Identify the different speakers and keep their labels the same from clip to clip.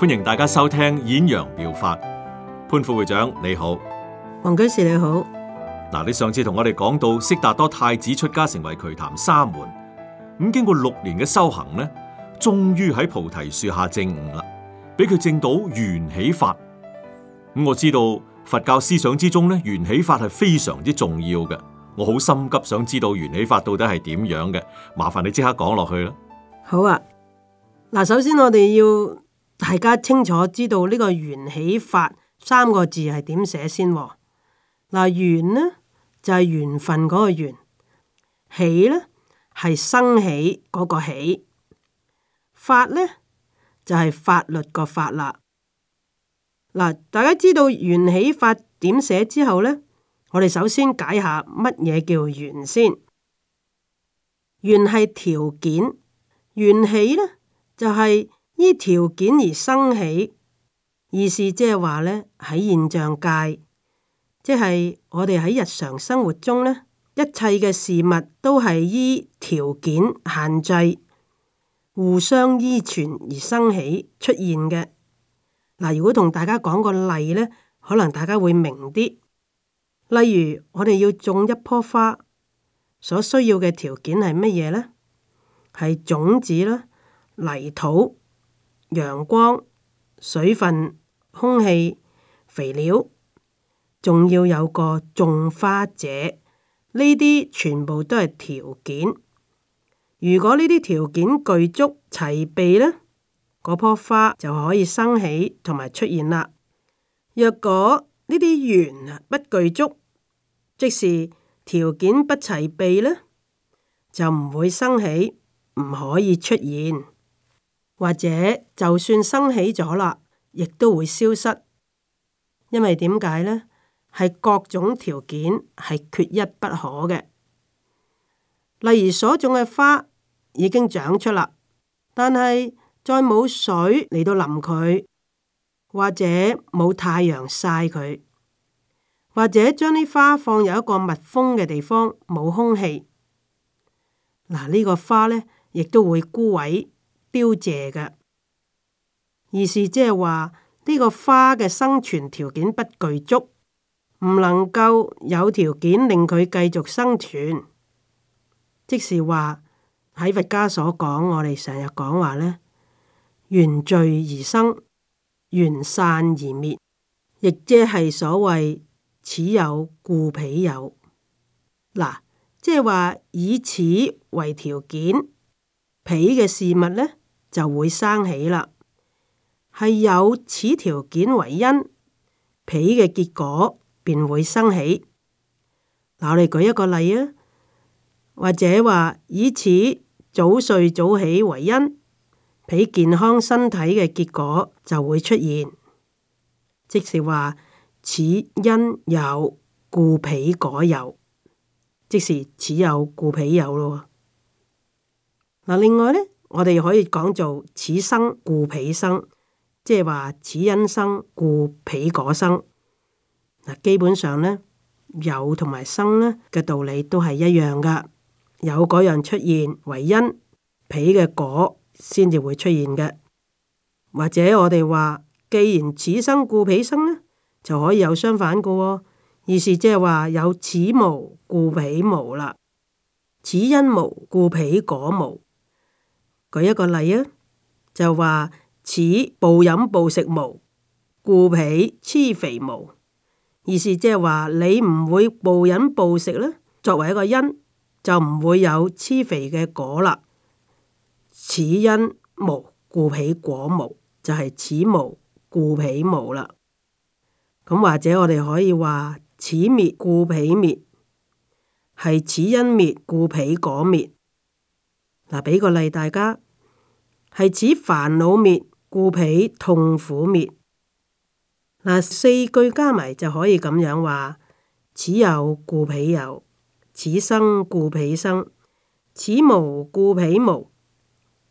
Speaker 1: 歡迎大家收聽《演揚妙，妙法》，潘副會長你好，
Speaker 2: 黃居士你好。
Speaker 1: 嗱，你上次同我哋講到悉達多太子出家成為瞿曇沙門，咁經過六年嘅修行呢，終於喺菩提樹下證悟啦，俾佢證到緣起法。咁我知道佛教思想之中呢，緣起法係非常之重要嘅，我好心急，想知道緣起法到底係點樣嘅？麻煩你即刻講落去啦。
Speaker 2: 好啊，嗱，首先我哋要。大家清楚知道呢個緣起法三個字係點寫先？嗱，緣呢就係、是、緣分嗰個緣，起呢係生起嗰個起，法呢就係、是、法律個法啦。嗱，大家知道緣起法點寫之後呢，我哋首先解下乜嘢叫緣先。緣係條件，緣起呢就係、是。依條件而生起，意思即係話呢，喺現象界，即係我哋喺日常生活中呢一切嘅事物都係依條件限制，互相依存而生起出現嘅。嗱，如果同大家講個例呢，可能大家會明啲。例如我哋要種一樖花，所需要嘅條件係乜嘢呢？係種子啦，泥土。陽光、水分、空氣、肥料，仲要有個種花者，呢啲全部都係條件。如果呢啲條件具足齊備呢，嗰樖花就可以生起同埋出現啦。若果呢啲緣不具足，即是條件不齊備呢，就唔會生起，唔可以出現。或者就算生起咗啦，亦都會消失，因為點解呢？係各種條件係缺一不可嘅。例如所種嘅花已經長出啦，但係再冇水嚟到淋佢，或者冇太陽曬佢，或者將啲花放入一個密封嘅地方冇空氣，嗱、這、呢個花呢，亦都會枯萎。凋謝嘅，而是即係話呢個花嘅生存條件不具足，唔能夠有條件令佢繼續生存，即是話喺佛家所講，我哋成日講話呢：「緣聚而生，緣散而滅」，亦即係所謂此有故彼有，嗱，即係話以此為條件，彼嘅事物呢。就會生起啦，係有此條件為因，彼嘅結果便會生起。嗱，我哋舉一個例啊，或者話以此早睡早起為因，彼健康身體嘅結果就會出現，即是話此因有故彼果有，即是此有故彼有咯。嗱，另外呢。.我哋可以講做此生故彼生，即係話此因生故彼果生。嗱，基本上呢，有同埋生呢嘅道理都係一樣噶。有嗰樣出現為因，彼嘅果先至會出現嘅。或者我哋話，既然此生故彼生呢，就可以有相反噶喎，意思即係話有此無故彼無啦，此因無故彼果無。舉一個例啊，就話此暴飲暴食無故彼痴肥無，意思即係話你唔會暴飲暴食呢，作為一個因，就唔會有痴肥嘅果啦。此因無故彼果無，就係此無故彼無啦。咁或者我哋可以話此滅故彼滅，係此因滅故彼果滅。嗱，俾個例大家，係此煩惱滅，故彼痛苦滅。嗱，四句加埋就可以咁樣話：此有故彼有，此生故彼生，此無故彼無，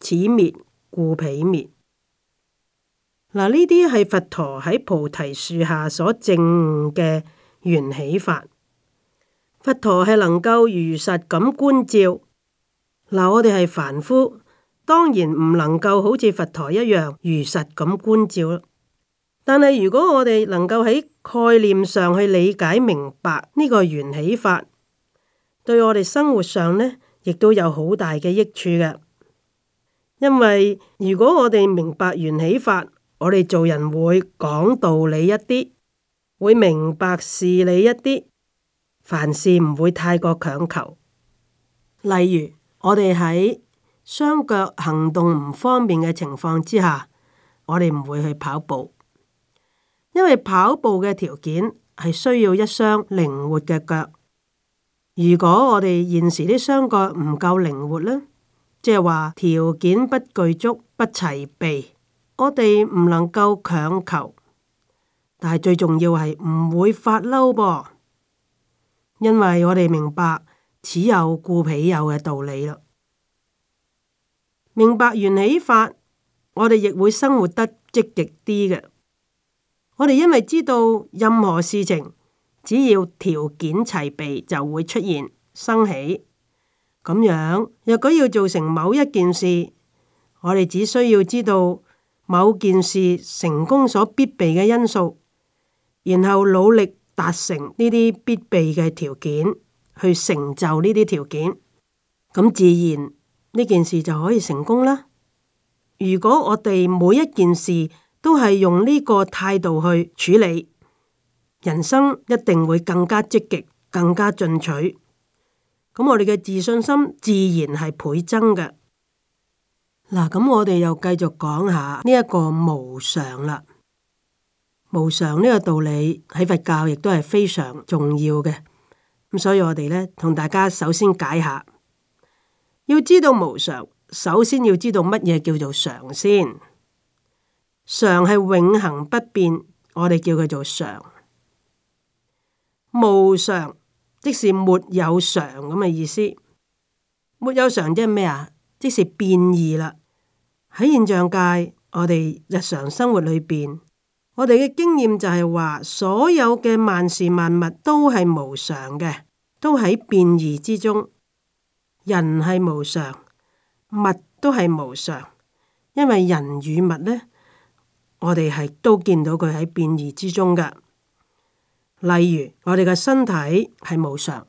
Speaker 2: 此滅故彼滅。嗱，呢啲係佛陀喺菩提樹下所證嘅緣起法。佛陀係能夠如實咁觀照。嗱，我哋係凡夫，當然唔能夠好似佛陀一樣如實咁觀照。但係如果我哋能夠喺概念上去理解明白呢個緣起法，對我哋生活上呢，亦都有好大嘅益處嘅。因為如果我哋明白緣起法，我哋做人會講道理一啲，會明白事理一啲，凡事唔會太過強求。例如，我哋喺雙腳行動唔方便嘅情況之下，我哋唔會去跑步，因為跑步嘅條件係需要一雙靈活嘅腳。如果我哋現時啲雙腳唔夠靈活呢，即係話條件不具足、不齊備，我哋唔能夠強求。但係最重要係唔會發嬲噃，因為我哋明白。此有故彼有嘅道理咯。明白緣起法，我哋亦會生活得積極啲嘅。我哋因為知道任何事情，只要條件齊備就會出現生起。咁樣，若果要做成某一件事，我哋只需要知道某件事成功所必備嘅因素，然後努力達成呢啲必備嘅條件。去成就呢啲條件，咁自然呢件事就可以成功啦。如果我哋每一件事都係用呢個態度去處理，人生一定會更加積極，更加進取。咁我哋嘅自信心自然係倍增嘅。嗱，咁我哋又繼續講下呢一個無常啦。無常呢個道理喺佛教亦都係非常重要嘅。咁所以我哋呢，同大家首先解下，要知道無常，首先要知道乜嘢叫做常先。常係永恒不變，我哋叫佢做常。無常即是沒有常咁嘅意思。沒有常即係咩啊？即是變異啦。喺現象界，我哋日常生活裏邊。我哋嘅經驗就係話，所有嘅萬事萬物都係無常嘅，都喺變異之中。人係無常，物都係無常，因為人與物呢，我哋係都見到佢喺變異之中嘅。例如，我哋嘅身體係無常，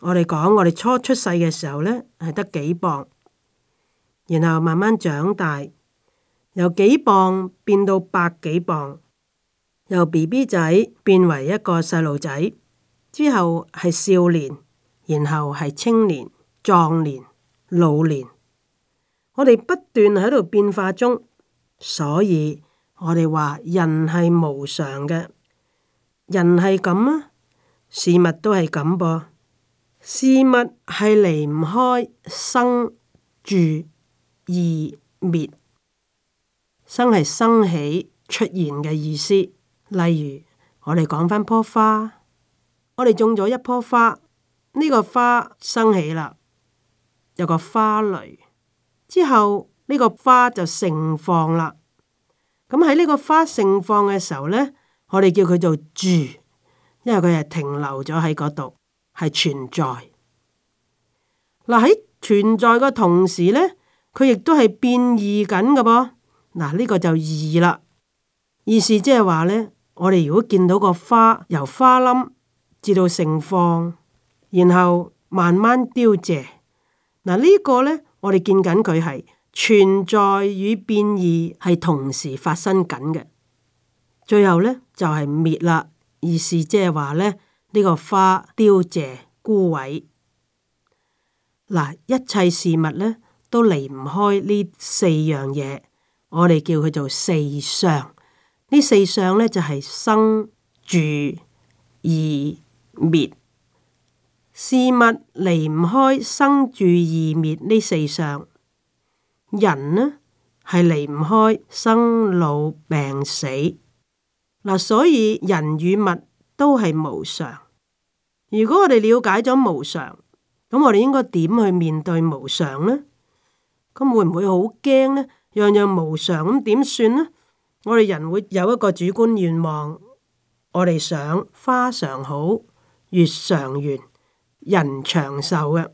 Speaker 2: 我哋講我哋初出世嘅時候呢，係得幾磅，然後慢慢長大，由幾磅變到百幾磅。由 B B 仔變為一個細路仔，之後係少年，然後係青年、壯年、老年，我哋不斷喺度變化中，所以我哋話人係無常嘅，人係咁啊，事物都係咁噃，事物係離唔開生、住、異、滅，生係生起、出現嘅意思。例如我哋講返棵花，我哋種咗一棵花，呢、這個花生起啦，有個花蕾，之後呢、這個花就盛放啦。咁喺呢個花盛放嘅時候呢，我哋叫佢做住，因為佢係停留咗喺嗰度，係存在。嗱、啊、喺存在嘅同時呢，佢亦都係變異緊嘅噃。嗱、啊、呢、這個就異啦，意思即係話呢。我哋如果見到個花由花冧至到盛放，然後慢慢凋謝，嗱、呢個呢，我哋見緊佢係存在與變異係同時發生緊嘅，最後呢，就係滅啦。意思即係話呢，呢、呢個花凋謝枯萎，嗱、一切事物呢，都離唔開呢四樣嘢，我哋叫佢做四相。呢四相呢，就係生住異滅，事物離唔開生住異滅呢四相，人呢係離唔開生老病死，嗱，所以人與物都係無常。如果我哋了解咗無常，咁我哋應該點去面對無常呢？咁會唔會好驚呢？樣樣無常，咁點算呢？我哋人會有一個主觀願望，我哋想花常好、月常圓、人長壽嘅。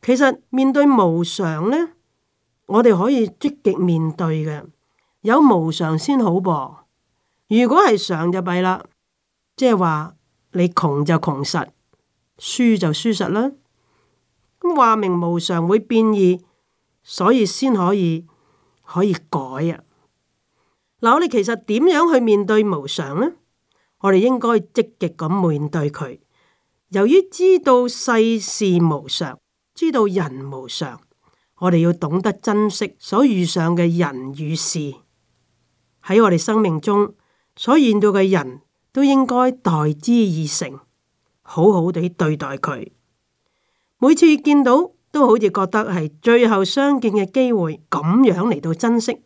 Speaker 2: 其實面對無常呢，我哋可以積極面對嘅，有無常先好噃。如果係常就弊啦，即係話你窮就窮實，輸就輸實啦。咁話明無常會變異，所以先可以可以改啊。嗱，我哋其實點樣去面對無常呢？我哋應該積極咁面對佢。由於知道世事無常，知道人無常，我哋要懂得珍惜所遇上嘅人與事。喺我哋生命中所遇到嘅人都應該待之以誠，好好地對待佢。每次見到都好似覺得係最後相見嘅機會，咁樣嚟到珍惜。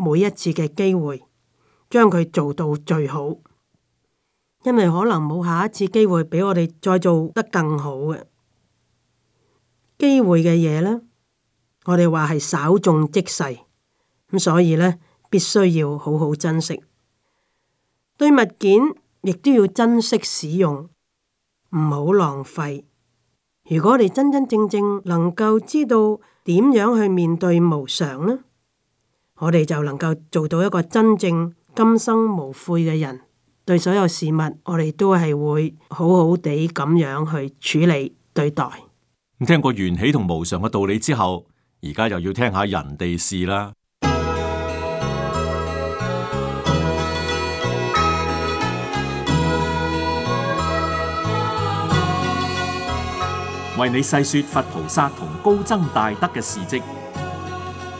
Speaker 2: 每一次嘅機會，將佢做到最好，因為可能冇下一次機會俾我哋再做得更好嘅機會嘅嘢呢，我哋話係稍縱即逝，咁所以呢，必須要好好珍惜。對物件亦都要珍惜使用，唔好浪費。如果你真真正正能夠知道點樣去面對無常呢，我哋就能夠做到一個真正今生無悔嘅人，對所有事物，我哋都係會好好地咁樣去處理對待。
Speaker 1: 咁聽過緣起同無常嘅道理之後，而家又要聽下人哋事啦。為你細說佛菩薩同高僧大德嘅事蹟。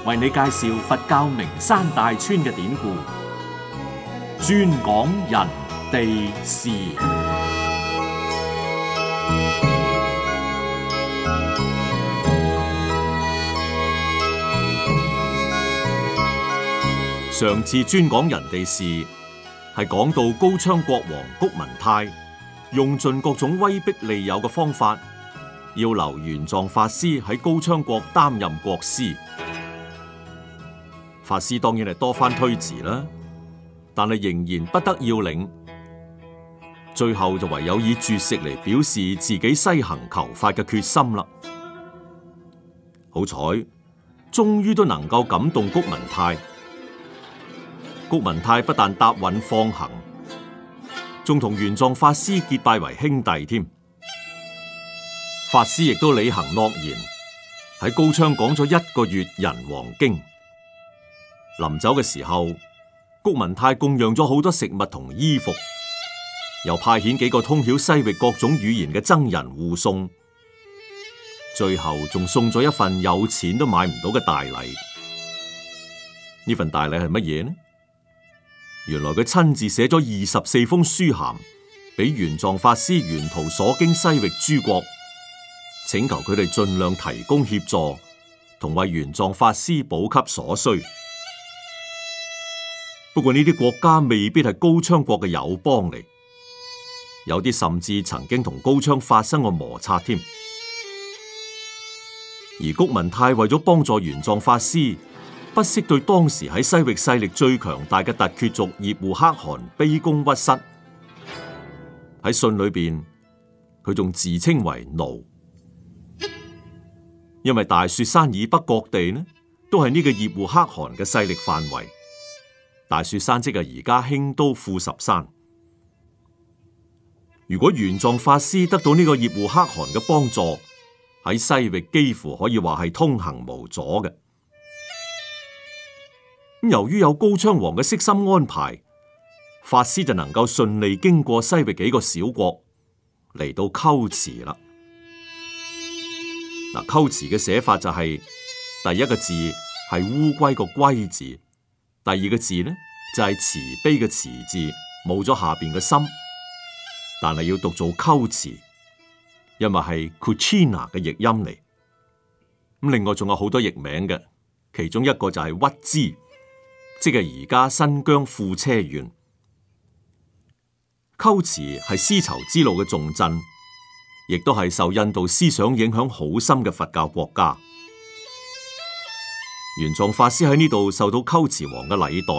Speaker 1: 為你介紹佛教名山大川嘅典故，專講人地事。上次專講人地事，係講到高昌國王麹文泰用盡各種威逼利誘嘅方法，要留玄奘法師喺高昌國擔任國師。法師當然係多番推辭啦，但係仍然不得要領，最後就唯有以絕食嚟表示自己西行求法嘅決心啦。好彩，終於都能夠感動谷文泰。谷文泰不但答應放行，仲同玄奘法師結拜為兄弟添。法師亦都履行諾言，喺高昌講咗一個月《仁王經》。臨走嘅時候，谷文泰供養咗好多食物同衣服，又派遣幾個通曉西域各種語言嘅僧人護送，最後仲送咗一份有錢都買唔到嘅大禮。呢份大禮係乜嘢呢？原來佢親自寫咗二十四封書函，俾玄奘法師沿途所經西域諸國，請求佢哋盡量提供協助，同為玄奘法師補給所需。不過呢啲國家未必係高昌國嘅友邦嚟，有啲甚至曾經同高昌發生過摩擦添。而谷文泰為咗幫助玄奘法師，不惜對當時喺西域勢力最強大嘅突厥族葉護黑汗卑躬屈膝。喺信裏邊，佢仲自稱為奴，因為大雪山以北各地呢，都係呢個葉護黑汗嘅勢力範圍。大雪山即係而家興都庫什山。如果玄奘法師得到呢個葉護黑汗嘅幫助，喺西域幾乎可以話係通行無阻嘅。由於有高昌王嘅悉心安排，法師就能夠順利經過西域幾個小國，嚟到龜茲啦。嗱，龜茲嘅寫法就係、是、第一個字係烏龜個龜字。第二個字呢，就係、是、慈悲嘅慈字，冇咗下邊嘅心，但係要讀做鳩慈，因為係 Kuchina 嘅譯音嚟。咁另外仲有好多譯名嘅，其中一個就係、是、屈茲，即係而家新疆庫車縣。鳩慈係絲綢之路嘅重鎮，亦都係受印度思想影響好深嘅佛教國家。玄奘法師喺呢度受到龜茲王嘅禮待，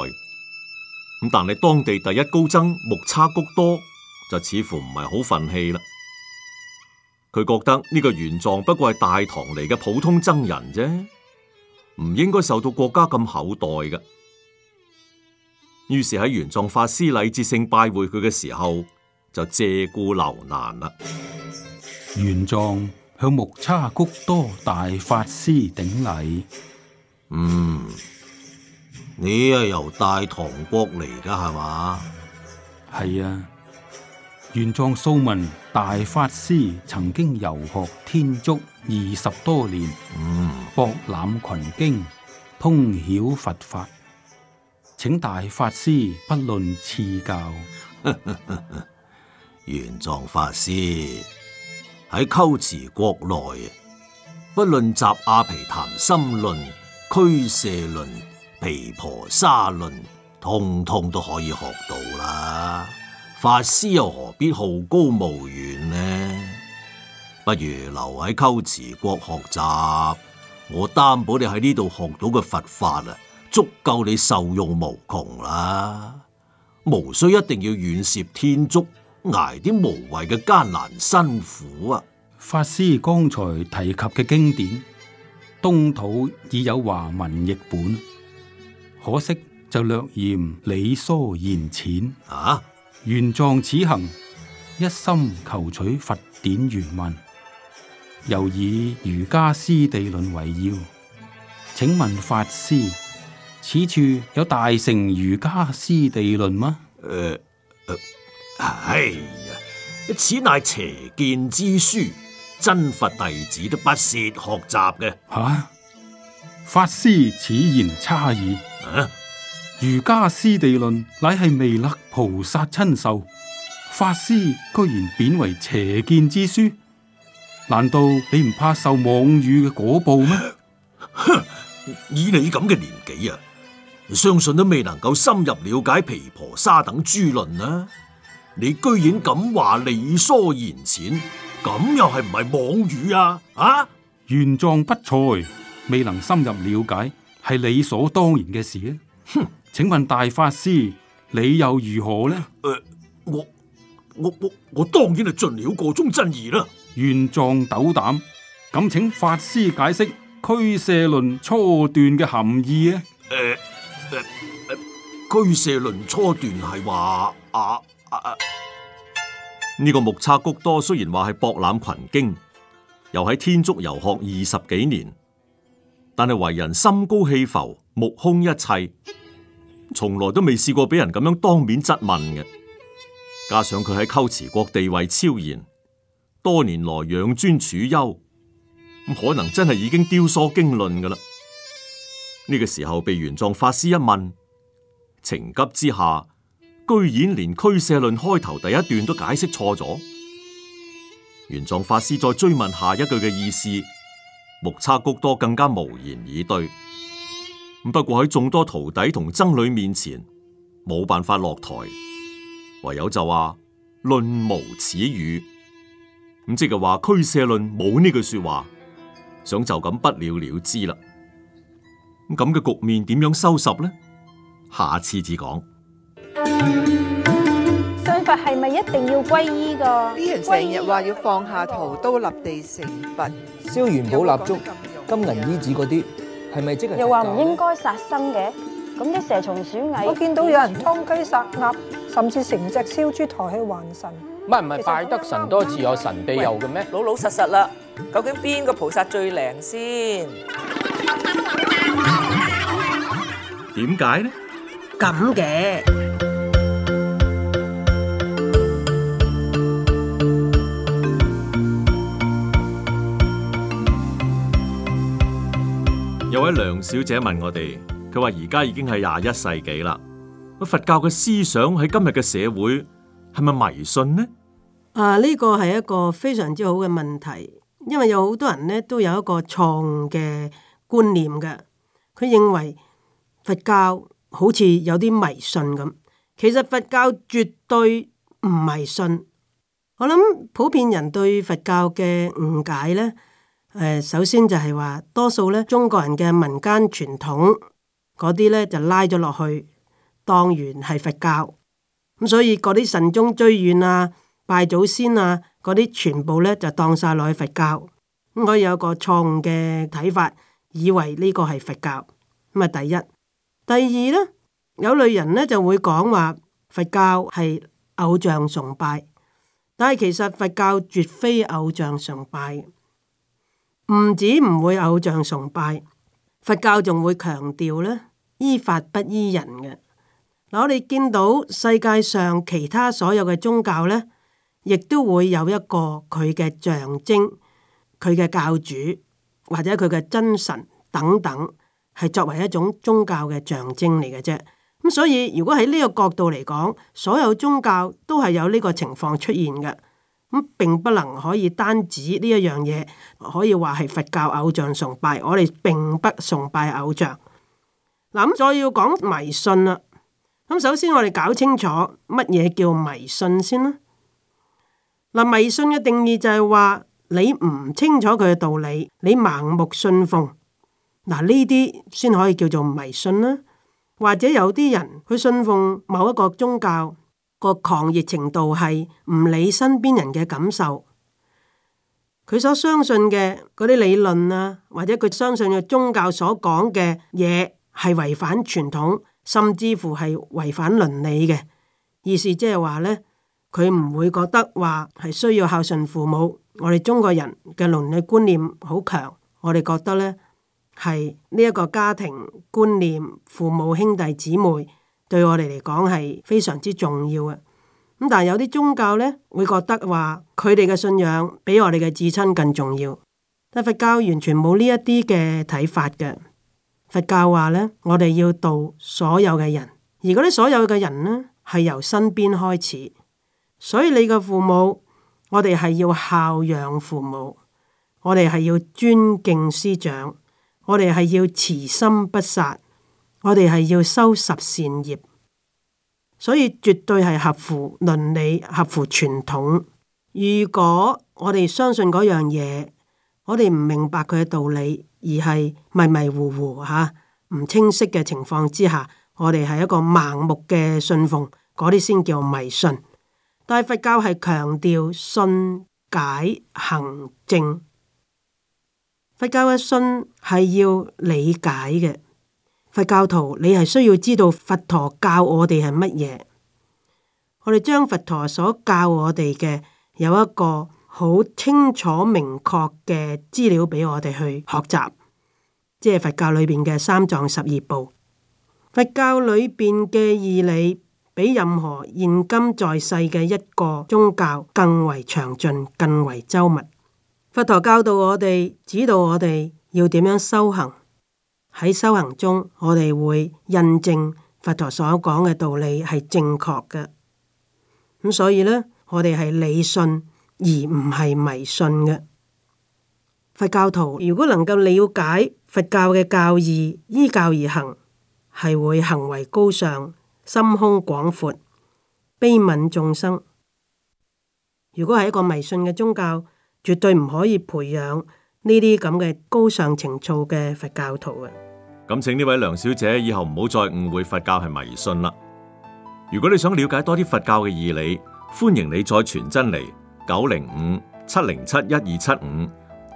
Speaker 1: 咁但係當地第一高僧木叉谷多就似乎唔係好忿氣啦。佢覺得呢個玄奘不過係大唐嚟嘅普通僧人啫，唔應該受到國家咁厚待嘅。於是喺玄奘法師禮節性拜會佢嘅時候，就借故留難啦。
Speaker 3: 玄奘向木叉谷多大法師頂禮。嗯，你係由大唐國嚟㗎係咪？係啊，玄奘素聞大法師曾經遊學天竺二十多年，嗯、博覽群經，通曉佛法，請大法師不論賜教。 玄奘法師
Speaker 1: 喺龜茲國內，不論集阿毗談心論。驅蛇輪、毗婆沙論，通通都可以學到啦。法師又何必好高騖遠呢？不如留喺龜茲國學習，我擔保你喺呢度學到嘅佛法啊，足夠你受用無窮啦。無需一定要遠涉天竺，捱啲無謂嘅艱難辛苦啊。
Speaker 3: 法師剛才提及嘅經典。東土已有華文譯本，可惜就略嫌理疏言淺。啊！玄奘此行，一心求取佛典原文，又以瑜伽師地論為要。請問法師，此處有大乘瑜伽師地論嗎？誒誒、呃，哎、呃、呀，此乃邪見之書。
Speaker 1: 真佛弟子都不屑學習嘅。
Speaker 3: 吓，法師此言差矣。啊，瑜伽師地論乃係彌勒菩薩親授，法師居然貶為邪見之書，難道你唔怕受妄語嘅果報咩？哼！
Speaker 1: 以你咁嘅年紀啊，相信都未能夠深入了解毗婆沙等
Speaker 3: 諸論啊。你居然敢話理疏言淺？咁又係唔係妄語啊？啊，原狀不才未能深入了解，係理所當然嘅事啊！哼，請問大法師，你又如何呢？誒、呃，我我我我當然係盡了個中真義啦。原狀斗膽，咁請法師解釋《俱舍論》初段嘅含義啊？誒誒、呃，呃《俱舍論》初段係話
Speaker 1: 啊啊啊！啊啊呢個木叉谷多雖然話係博覽群經，又喺天竺遊學二十幾年，但係為人心高氣浮，目空一切，從來都未試過俾人咁樣當面質問嘅。加上佢喺龜茲國地位超然，多年來養尊處優，咁可能真係已經雕塑經論噶啦。呢、這個時候被玄奘法師一問，情急之下。居然連《俱舍論》開頭第一段都解釋錯咗，玄奘法師再追問下一句嘅意思，木叉毱多更加無言以對。不過喺眾多徒弟同僧侶面前，冇辦法落台，唯有就話論無此語。咁即係話《俱舍論》冇呢句說話，想就咁不了了之啦。咁嘅局面點樣收拾呢？下次至講。
Speaker 2: 信佛係咪一定要皈依㗎？啲人成日話要放下屠刀立地成佛，
Speaker 1: 燒元寶、蠟燭、金銀衣紙嗰啲，係咪即係？又話唔應
Speaker 2: 該殺生嘅，咁啲蛇蟲鼠蟻，我見到有人殺雞殺鴨，甚至成隻燒豬抬去還神。
Speaker 1: 唔係唔係，拜得神多自有神庇佑嘅咩？老老實實啦，究竟邊個菩薩最靈先？點解呢？
Speaker 2: 咁嘅。
Speaker 1: 梁小姐問我哋，佢話而家已經係廿一世紀啦，佛教嘅思想喺今日嘅社會係咪迷信呢？
Speaker 2: 啊，呢個係一個非常之好嘅問題，因為有好多人呢都有一個錯誤嘅觀念嘅，佢認為佛教好似有啲迷信咁，其實佛教絕對唔迷信。我諗普遍人對佛教嘅誤解呢。誒，首先就係話，多數呢，中國人嘅民間傳統嗰啲呢，就拉咗落去當完係佛教，咁所以嗰啲慎終追遠啊、拜祖先啊嗰啲全部呢就當晒落去佛教，咁可以有個錯誤嘅睇法，以為呢個係佛教。咁啊，第一，第二呢，有類人呢就會講話佛教係偶像崇拜，但係其實佛教絕非偶像崇拜。唔止唔會偶像崇拜，佛教仲會強調咧依法不依人嘅。嗱，我哋見到世界上其他所有嘅宗教咧，亦都會有一個佢嘅象徵，佢嘅教主或者佢嘅真神等等，係作為一種宗教嘅象徵嚟嘅啫。咁所以如果喺呢個角度嚟講，所有宗教都係有呢個情況出現嘅。咁並不能可以單指呢一樣嘢可以話係佛教偶像崇拜，我哋並不崇拜偶像。嗱，咁所以要講迷信啦。咁首先我哋搞清楚乜嘢叫迷信先啦。嗱，迷信嘅定義就係話你唔清楚佢嘅道理，你盲目信奉。嗱，呢啲先可以叫做迷信啦。或者有啲人去信奉某一個宗教，個狂熱程度係唔理身邊人嘅感受，佢所相信嘅嗰啲理論啊，或者佢相信嘅宗教所講嘅嘢係違反傳統，甚至乎係違反倫理嘅意思。即係話呢，佢唔會覺得話係需要孝順父母。我哋中國人嘅倫理觀念好強，我哋覺得呢，係呢一個家庭觀念，父母兄弟姊妹。對我哋嚟講係非常之重要嘅，咁但係有啲宗教呢，會覺得話佢哋嘅信仰比我哋嘅至親更重要，但佛教完全冇呢一啲嘅睇法嘅。佛教話呢，我哋要度所有嘅人，而嗰啲所有嘅人呢，係由身邊開始，所以你嘅父母，我哋係要孝養父母，我哋係要尊敬師長，我哋係要慈心不殺。我哋係要修十善業，所以絕對係合乎倫理、合乎傳統。如果我哋相信嗰樣嘢，我哋唔明白佢嘅道理，而係迷迷糊糊吓、唔清晰嘅情況之下，我哋係一個盲目嘅信奉，嗰啲先叫迷信。但係佛教係強調信解行證，佛教嘅信係要理解嘅。佛教徒，你係需要知道佛陀教我哋係乜嘢。我哋將佛陀所教我哋嘅，有一個好清楚明確嘅資料俾我哋去學習，即係佛教裏邊嘅三藏十二部。佛教裏邊嘅義理比任何現今在世嘅一個宗教更為詳盡，更為周密。佛陀教導我哋，指導我哋要點樣修行。喺修行中，我哋會印證佛陀所講嘅道理係正確嘅。咁所以呢，我哋係理信而唔係迷信嘅佛教徒。如果能夠了解佛教嘅教義，依教而行，係會行為高尚、心胸廣闊、悲憫眾生。如果係一個迷信嘅宗教，絕對唔可以培養呢啲咁嘅高尚情操嘅佛教徒啊！
Speaker 1: 咁，請呢位梁小姐以後唔好再誤會佛教係迷信啦。如果你想了解多啲佛教嘅義理，歡迎你再傳真嚟，九零五七零七一二七五，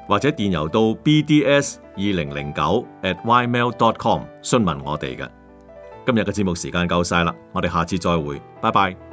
Speaker 1: 或者電郵到 bds 二零零九 at ymail.com 詢問我哋嘅。今日嘅節目時間夠晒啦，我哋下次再會，拜拜。